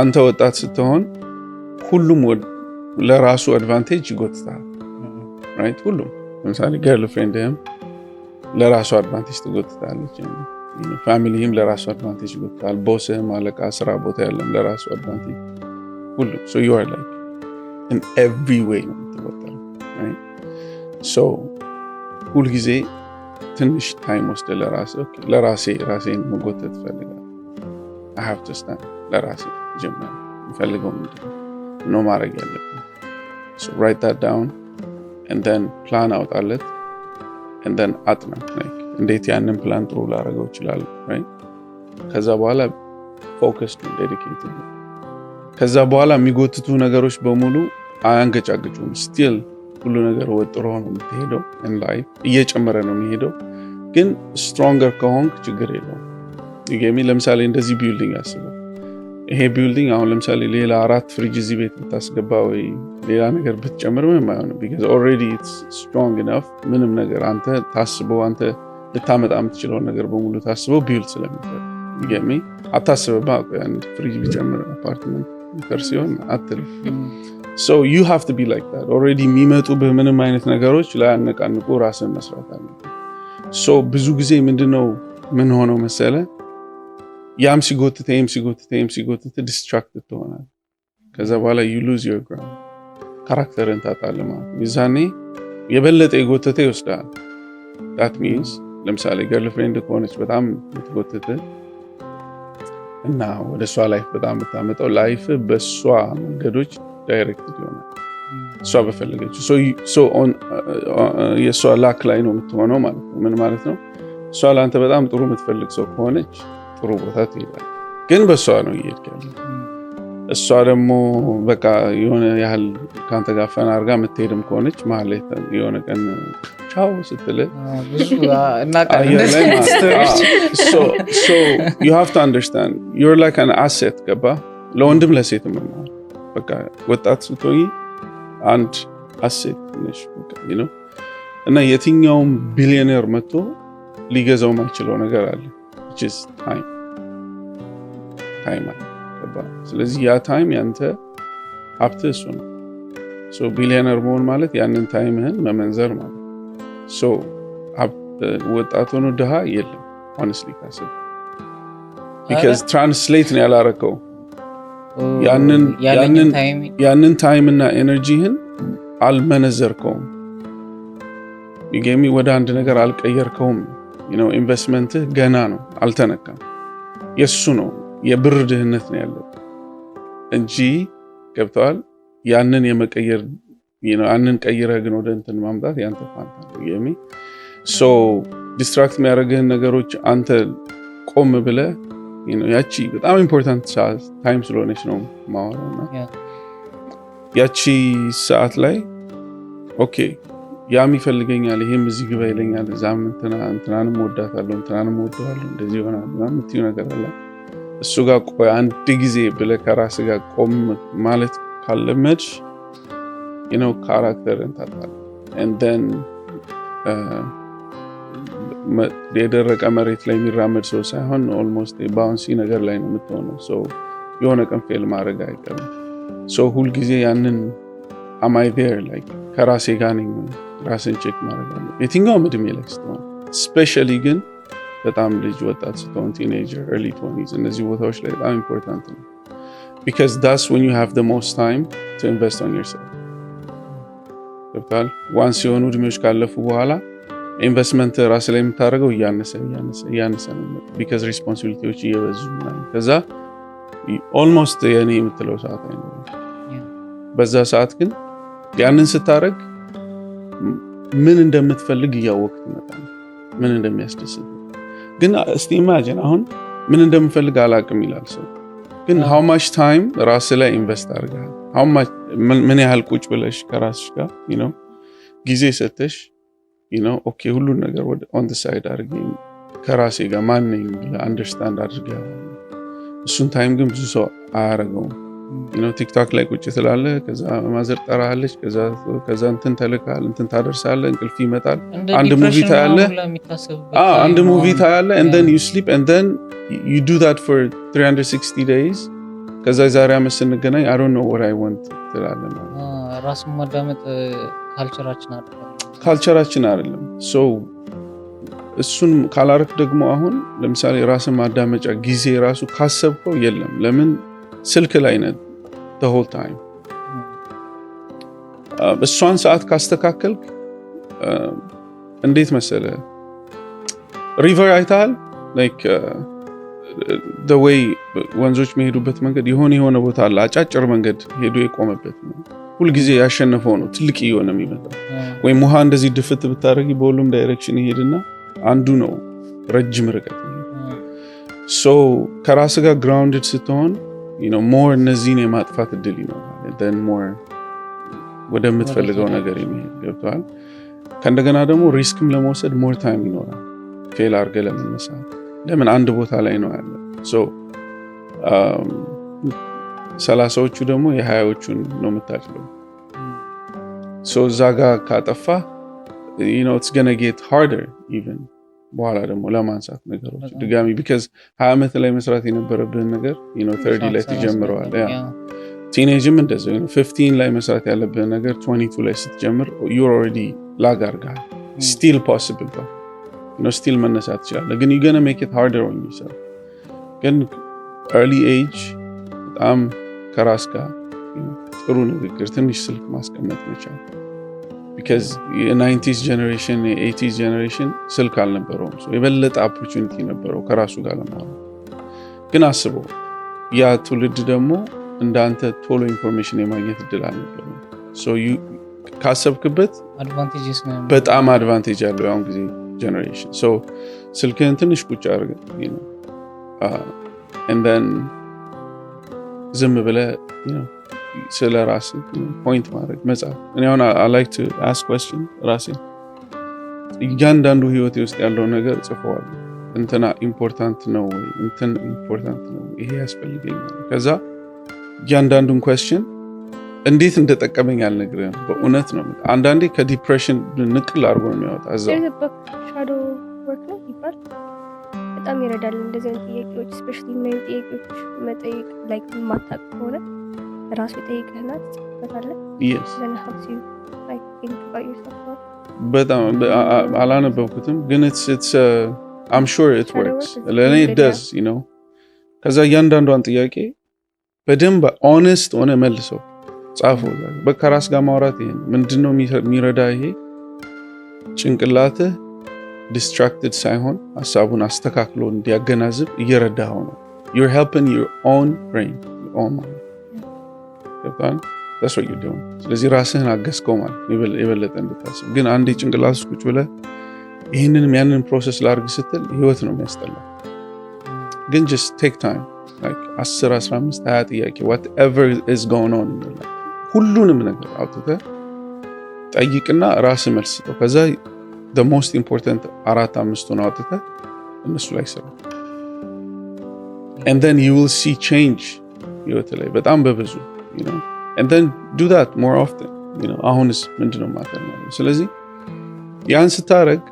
አንተ ወጣት ስትሆን ሁሉም ለራሱ አድቫንቴጅ ይጎትታል። ሁሉም ለምሳሌ ገርል ፍሬንድህም ለራሱ አድቫንቴጅ ትጎትታለች፣ ፋሚሊህም ለራሱ አድቫንቴጅ ይጎትታል፣ ቦስህም፣ አለቃ፣ ስራ ቦታ ያለም ለራሱ አድቫንቴጅ ሁሉም ዩ አር ላይክ ኢን ኤቭሪ ዌይ ነው የምትወጠረው። ሁልጊዜ ትንሽ ታይም ወስደ ለራሴ ራሴን መጎተት ፈልጋል ሀብት ውስጥ ለራሴ ጀመር የሚፈልገው ምንድን ነው ማድረግ ያለብን ራይት ዳት ዳውን እንደን ፕላን አውጣለት እንደን አጥና እንዴት ያንን ፕላን ጥሩ ላደረገው ይችላል። ከዛ በኋላ ፎከስ ዴዲኬት ከዛ በኋላ የሚጎትቱ ነገሮች በሙሉ አያንገጫግጩም። ስቲል ሁሉ ነገር ወጥሮ ነው የምትሄደው። እየጨመረ ነው የሚሄደው። ግን ስትሮንገር ከሆንክ ችግር የለውም። ይገሚ ለምሳሌ እንደዚህ ቢልዲንግ አስበው። ይሄ ቢልዲንግ አሁን ለምሳሌ ሌላ አራት ፍሪጅ እዚህ ቤት ብታስገባ ወይ ሌላ ነገር ብትጨምር ምንም አይሆንም። ቢካዝ ኦልሬዲ ስትሮንግ ነፍ ምንም ነገር አንተ ታስበው አንተ ልታመጣ የምትችለውን ነገር በሙሉ ታስበው ቢውልድ ስለሚደረግ ገሚ አታስበባ። አንድ ፍሪጅ ቢጨምር አፓርትመንት ሜተር ሲሆን አትልም። ሶ ዩ ሃቭ ቱ ቢ ላይክ ዳት ኦልሬዲ የሚመጡ በምንም አይነት ነገሮች ላያነቃንቁ ራስን መስራት አለ። ሶ ብዙ ጊዜ ምንድነው ምን ሆነው መሰለ ያም ሲጎትተ ይም ሲጎትተ ይም ሲጎትተ ዲስትራክትድ ትሆናል። ከዛ በኋላ ዩ ሉዝ ዮር ግራውንድ ካራክተርን ታጣለህ ማለት ነው። የበለጠ የጎተተ ይወስዳል። ዳት ሚንስ ለምሳሌ ገርል ፍሬንድ ከሆነች በጣም የምትጎትተ እና ወደ እሷ ላይፍ በጣም ብታመጣው ላይፍ በእሷ መንገዶች ዳይሬክትድ ይሆናል። እሷ በፈለገችው uh, የእሷ ላክ ላይ ነው የምትሆነው ማለት ነው። ምን ማለት ነው? እሷ ለአንተ በጣም ጥሩ የምትፈልግ ሰው ከሆነች ጥሩ ቦታ ትሄዳለህ። ግን በእሷ ነው እየሄድክ እሷ ደግሞ በቃ የሆነ ያህል ከአንተ ጋር ፈና አርጋ የምትሄድም ከሆነች መሀል የሆነ ቀን ቻው ስትልህ ዩ ቱ አንደርስታንድ ዩር ላይክ አን አሴት ገባ ለወንድም ለሴት ነው። በቃ ወጣት ስትሆኝ አንድ አሴት ነው እና የትኛውም ቢሊዮኔር መጥቶ ሊገዛው ማይችለው ነገር አለ ታይም ታይም ስለዚህ ያ ታይም ያንተ ሀብት እሱ ነው። ቢሊዮነር መሆን ማለት ያንን ታይምህን መመንዘር ማለት ወጣት ሆኖ ድሃ የለም። ሆነስሊ ካስብ ቢካዝ ትራንስሌት ነው ያላረከው ያንን ታይም እና ኤነርጂህን አልመነዘርከውም። ቢገሚ ወደ አንድ ነገር አልቀየርከውም። ኢንቨስትመንትህ ገና ነው፣ አልተነካም። የሱ ነው የብር ድህነት ነው ያለው እንጂ ገብተዋል። ያንን የመቀየር ያንን ቀይረህ ግን ወደ እንትን ማምጣት ያንተ ፋንታ ነው የሚል ዲስትራክት የሚያደርግህን ነገሮች አንተ ቆም ብለህ ያቺ በጣም ኢምፖርታንት ሰዓት ታይም ስለሆነች ነው ማወራው ያቺ ሰዓት ላይ ኦኬ ያም ይፈልገኛል፣ ይሄም እዚህ ግባ ይለኛል፣ እዛም እንትናንም ወዳታለሁ፣ እንትናንም ወደዋለሁ፣ እንደዚህ ይሆናል ምናምን ነገር አለ እሱ ጋር ቆይ አንድ ጊዜ ብለህ ከራስህ ጋር ቆም ማለት ካለመድ ነው ካራክተርን ታጣለህ። እንደን uh, የደረቀ መሬት ላይ የሚራመድ ሰው ሳይሆን ኦልሞስት ባውንሲ ነገር ላይ ነው የምትሆነው። ሰው የሆነ ቀን ፌል ማድረግ አይቀርም። ሰው ሁልጊዜ ያንን አማይ ላይ ከራሴ ጋር ነኝ ራስን ቼክ ማድረግ አለ የትኛውም እድሜ ላይ ስትሆን ስፔሻሊ ግን በጣም ልጅ ወጣት ስትሆን ቲኔጀር ኤርሊ ቶኒዝ እነዚህ ቦታዎች ላይ በጣም ኢምፖርታንት ነው። ቢካዝ ዳስ ወን ዩ ሃቭ ዘ ሞስት ታይም ቱ ኢንቨስት ኦን ዮርሰልፍ ገብታል። ዋንስ የሆኑ እድሜዎች ካለፉ በኋላ ኢንቨስትመንት ራስ ላይ የምታደርገው እያነሰ እያነሰ ነው። ቢካዝ ሪስፖንሲቢሊቲዎች እየበዙ ምናምን ከዛ ኦልሞስት የኔ የምትለው ሰዓት አይነ በዛ ሰዓት ግን ያንን ስታደርግ ምን እንደምትፈልግ እያወቅ ትመጣ ምን እንደሚያስደስት ግን እስቲ ኢማጂን አሁን ምን እንደምፈልግ አላቅም ይላል ሰው። ግን ሃው ማች ታይም ራስ ላይ ኢንቨስት አድርገሃል? ምን ያህል ቁጭ ብለሽ ከራስሽ ጋር ጊዜ ሰተሽ ኦኬ፣ ሁሉን ነገር ኦን ሳይድ አድርጌ ከራሴ ጋር ማነኝ አንደርስታንድ እሱን ታይም ግን ብዙ ሰው አያረገውም ቲክቶክ ላይ ቁጭ ትላለህ። ከዛ ማዘር ጠራለች፣ ከዛ እንትን ተልካል እንትን ታደርሳለ፣ እንቅልፍ ይመጣል። አንድ ሙቪ ታያለ፣ አንድ ሙቪ ታያለ፣ እንደን ዩ ስሊፕ እንደን ዩ ዱ ዛት ፎር 360 ዴይዝ። ከዛ ዛሬ አመት ስንገናኝ አይ ዶንት ኖ ዋት አይ ዋንት ትላለህ። ራስ ማዳመጥ ካልቸራችን አይደለም ካልቸራችን አይደለም። ሶ እሱን ካላረክ ደግሞ አሁን ለምሳሌ ራስን ማዳመጫ ጊዜ ራሱ ካሰብከው የለም ለምን ስልክ ላይ ነ ሆል ታይም። እሷን ሰዓት ካስተካከልክ እንዴት መሰለ ሪቨር አይተሃል፣ ወይ ወንዞች የሚሄዱበት መንገድ የሆነ የሆነ ቦታ አለ አጫጭር መንገድ ሄዶ የቆመበት ሁልጊዜ ያሸነፈው ነው ትልቅ እየሆነ የሚመጣ ወይም ውሃ እንደዚህ ድፍት ብታደርጊ በሁሉም ዳይሬክሽን ይሄድና አንዱ ነው ረጅም ርቀት። ከራስ ጋር ግራውንድድ ስትሆን ሞር እነዚህን የማጥፋት እድል ይኖራል። ሞር ወደምትፈልገው ነገር የሚሄድ ገብተዋል። ከእንደገና ደግሞ ሪስክም ለመውሰድ ሞር ታይም ይኖራል። ፌል አድርገ ለመነሳት ለምን አንድ ቦታ ላይ ነው ያለ um, ሰላሳዎቹ ደግሞ የሀያዎቹን ነው የምታችለው። hmm. እዛ ጋር ካጠፋ ስገነጌት ጌት ሃርደር ኢቨን በኋላ ደግሞ ለማንሳት ነገሮች ድጋሚ ቢከዝ ሀያ ዓመት ላይ መስራት የነበረብህን ነገር ተርዲ ላይ ትጀምረዋል። ቲኔጅም እንደዚህ ፊፍቲን ላይ መስራት ያለብህን ነገር ቱ ላይ ስትጀምር ዩር ኦልሬዲ ላግ አድርገሃል። ስቲል ፖስብል ስቲል መነሳት ትችላለህ፣ ግን ዩገነ ሜክ ኢት ሃርደር ኦን ዩርሰልፍ። ግን ኤርሊ ኤጅ በጣም ከራስ ጋር ጥሩ ንግግር፣ ትንሽ ስልክ ማስቀመጥ መቻል ቢካዝ የናይንቲስ ጀኔሬሽን የኤይቲስ ጀኔሬሽን ስልክ አልነበረውም። የበለጠ ኦፖርቹኒቲ ነበረው ከራሱ ጋር ለማውራት። ግን አስበው ያ ትውልድ ደግሞ እንዳንተ ቶሎ ኢንፎርሜሽን የማግኘት እድል አልነበረም። ካሰብክበት በጣም አድቫንቴጅ ያለው የአሁን ጊዜ ጀኔሬሽን ስልክህን ትንሽ ቁጭ አድርገህ ነው ዝም ብለህ ስለ ራስ ፖይንት ማድረግ መጽሐፍ እኔ አሁን አላይክ ቱ አስክ ኮስችን ራሴ እያንዳንዱ ህይወቴ ውስጥ ያለው ነገር ጽፈዋል። እንትና ኢምፖርታንት ነው ወይ እንትን ኢምፖርታንት ነው ይሄ ያስፈልገኛል። ከዛ እያንዳንዱን ኮስችን እንዴት እንደጠቀመኝ አልነግርህም። በእውነት ነው። አንዳንዴ ከዲፕሬሽን ንቅል አድርጎ ነው የሚያወጣ። እዛ ሻዶ ወርክ ነው ይባል በጣም ይረዳል። እንደዚህ ጥያቄዎች ስፔሻሊ ጥያቄዎች መጠየቅ ላይ ማታቅ ከሆነ ራሱ ይጠይቅህና ትጽፍበታለህ። አላነበብኩትም ግን አም ሹር ኢት ወርክስ ለእኔ ደስ ነው። ከዛ እያንዳንዷን ጥያቄ በደንብ ኦነስት ሆነ መልሰው ጻፎ በቃ ራስ ጋር ማውራት ይሄ ምንድነው የሚረዳ ይሄ ጭንቅላትህ ዲስትራክትድ ሳይሆን ሀሳቡን አስተካክሎ እንዲያገናዝብ እየረዳ ነው። ዩር ሄልፕን ዩር ኦውን ብሬን ገብታል ተስወቅ ሊሆን ስለዚህ ራስህን አገዝከው ማለት የበለጠ እንድታስብ። ግን አንድ ጭንቅላት ውስጥ ቁጭ ይህንንም ያንን ፕሮሰስ ላድርግ ስትል ህይወት ነው የሚያስጠላ። ግን ጀስት ቴክ ታይም 10፣ 15፣ 20 ጥያቄ ዋት ኤቨር ኢዝ ጎን ኦን ሁሉንም ነገር አውጥተ ጠይቅና ራስ መልስ ስጠው። ከዛ ሞስት ኢምፖርታንት አራት አምስቱን አውጥተህ እነሱ ላይ ስራ ን ዩ ዊል ሲ ቼንጅ ህይወት ላይ በጣም በብዙ አሁንስ ምንድነው ማተር ነው። ስለዚህ ያን ስታደረግ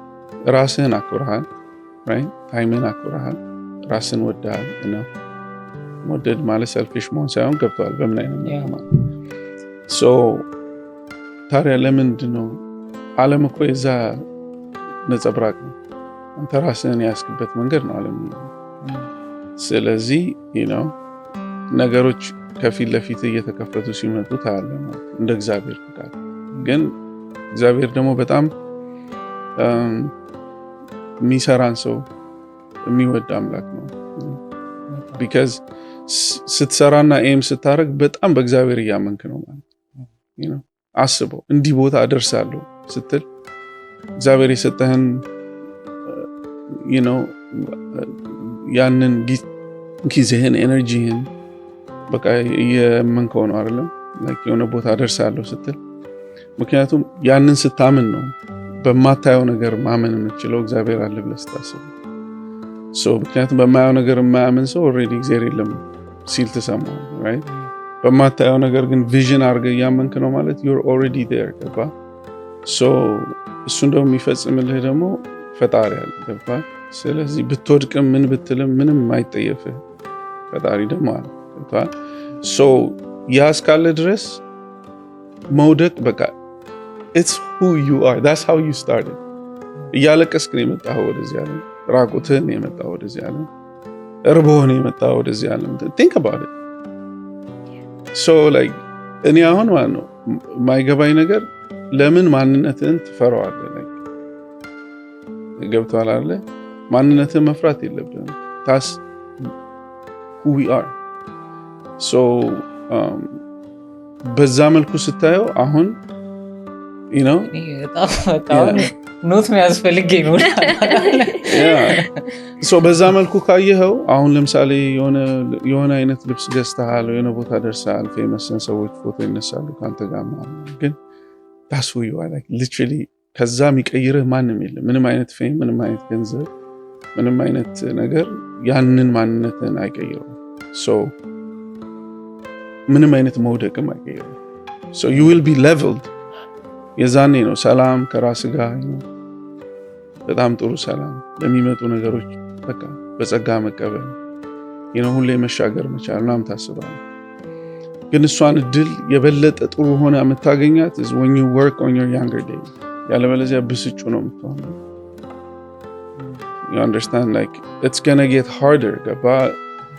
ራስህን አክብረሃል፣ ታይምህን አክብረሃል፣ ራስን ወድሃል። እና ወደድ ማለት ሰልፊሽ መሆን ሳይሆን ገብተዋል በምን አይነት ታዲያ ለምንድን ነው አለም እኮ የዛ ነጸብራቅ ነው። አንተ ራስህን ያስክበት መንገድ ነው አለም ስለዚህ ነገሮች ከፊት ለፊት እየተከፈቱ ሲመጡ ታያለ ማለት እንደ እግዚአብሔር ፍቃድ። ግን እግዚአብሔር ደግሞ በጣም የሚሰራን ሰው የሚወድ አምላክ ነው። ቢካዝ ስትሰራና ኤም ስታደርግ በጣም በእግዚአብሔር እያመንክ ነው ማለት አስበው እንዲህ ቦታ አደርሳለሁ ስትል እግዚአብሔር የሰጠህን ያንን ጊዜህን ኤነርጂህን በቃ እየመንከው ነው አይደለም የሆነ ቦታ ደርሳለሁ ስትል ምክንያቱም ያንን ስታምን ነው በማታየው ነገር ማመን የምችለው እግዚአብሔር አለ ብለህ ስታስብ ምክንያቱም በማየው ነገር የማያምን ሰው ኦልሬዲ እግዚአብሔር የለም ሲል ትሰማ። በማታየው ነገር ግን ቪዥን አድርገህ እያመንክ ነው ማለት ዩር ኦልሬዲ ዴር ገባ እሱ ደግሞ የሚፈጽምልህ ደግሞ ፈጣሪ አለ ገባ ስለዚህ ብትወድቅም ምን ብትልም ምንም አይጠየፍህ ፈጣሪ ደግሞ አለ ያ እስካለ ድረስ መውደቅ በቃ ኢትስ ሁ ዩ አር ዳትስ ሃው ዩ ስታርትድ። እያለቀስክ ነው የመጣኸው ወደዚህ ዓለም፣ ራቁትህን ነው የመጣኸው ወደዚህ ዓለም፣ እርቦህ የመጣኸው ወደዚህ ዓለም። ቲንክ አባውት ኢት። ሶ ላይክ እኔ አሁን ማለት ነው የማይገባኝ ነገር ለምን ማንነትህን ትፈራዋለህ? ገብቶሃል አይደለ? ማንነትህን መፍራት የለብህም። ታስ ሁ ዊ አር Um, በዛ መልኩ ስታየው አሁን ነው ኖት የሚያስፈልገኝ በዛ መልኩ ካየኸው፣ አሁን ለምሳሌ የሆነ አይነት ልብስ ገዝተሃል፣ የሆነ ቦታ ደርሰሃል፣ ፌመስን ሰዎች ፎቶ ይነሳሉ ከአንተ ጋር ግን ዳስ ሊ ከዛ የሚቀይርህ ማንም የለም። ምንም አይነት ፌም፣ ምንም አይነት ገንዘብ፣ ምንም አይነት ነገር ያንን ማንነትን አይቀይረውም። ምንም አይነት መውደቅም አይቀየርም። ዩ ዊል ቢ ሌቭልድ። የዛኔ ነው ሰላም ከራስ ጋር በጣም ጥሩ ሰላም ለሚመጡ ነገሮች በቃ በጸጋ መቀበል ሁሌ መሻገር መቻል ናም ታስባለ። ግን እሷን እድል የበለጠ ጥሩ ሆነ የምታገኛት ወን ወርክ ኦን ዮር ያንገር ዴይ። ያለበለዚያ ብስጩ ነው የምትሆነው። ዩ አንደርስታንድ ላይክ ኢትስ ገና ጌት ሃርደር ገባ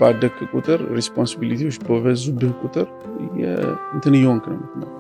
ባደግክ ቁጥር ሪስፖንሲቢሊቲዎች በበዙብህ ቁጥር እንትን እየሆንክ ነው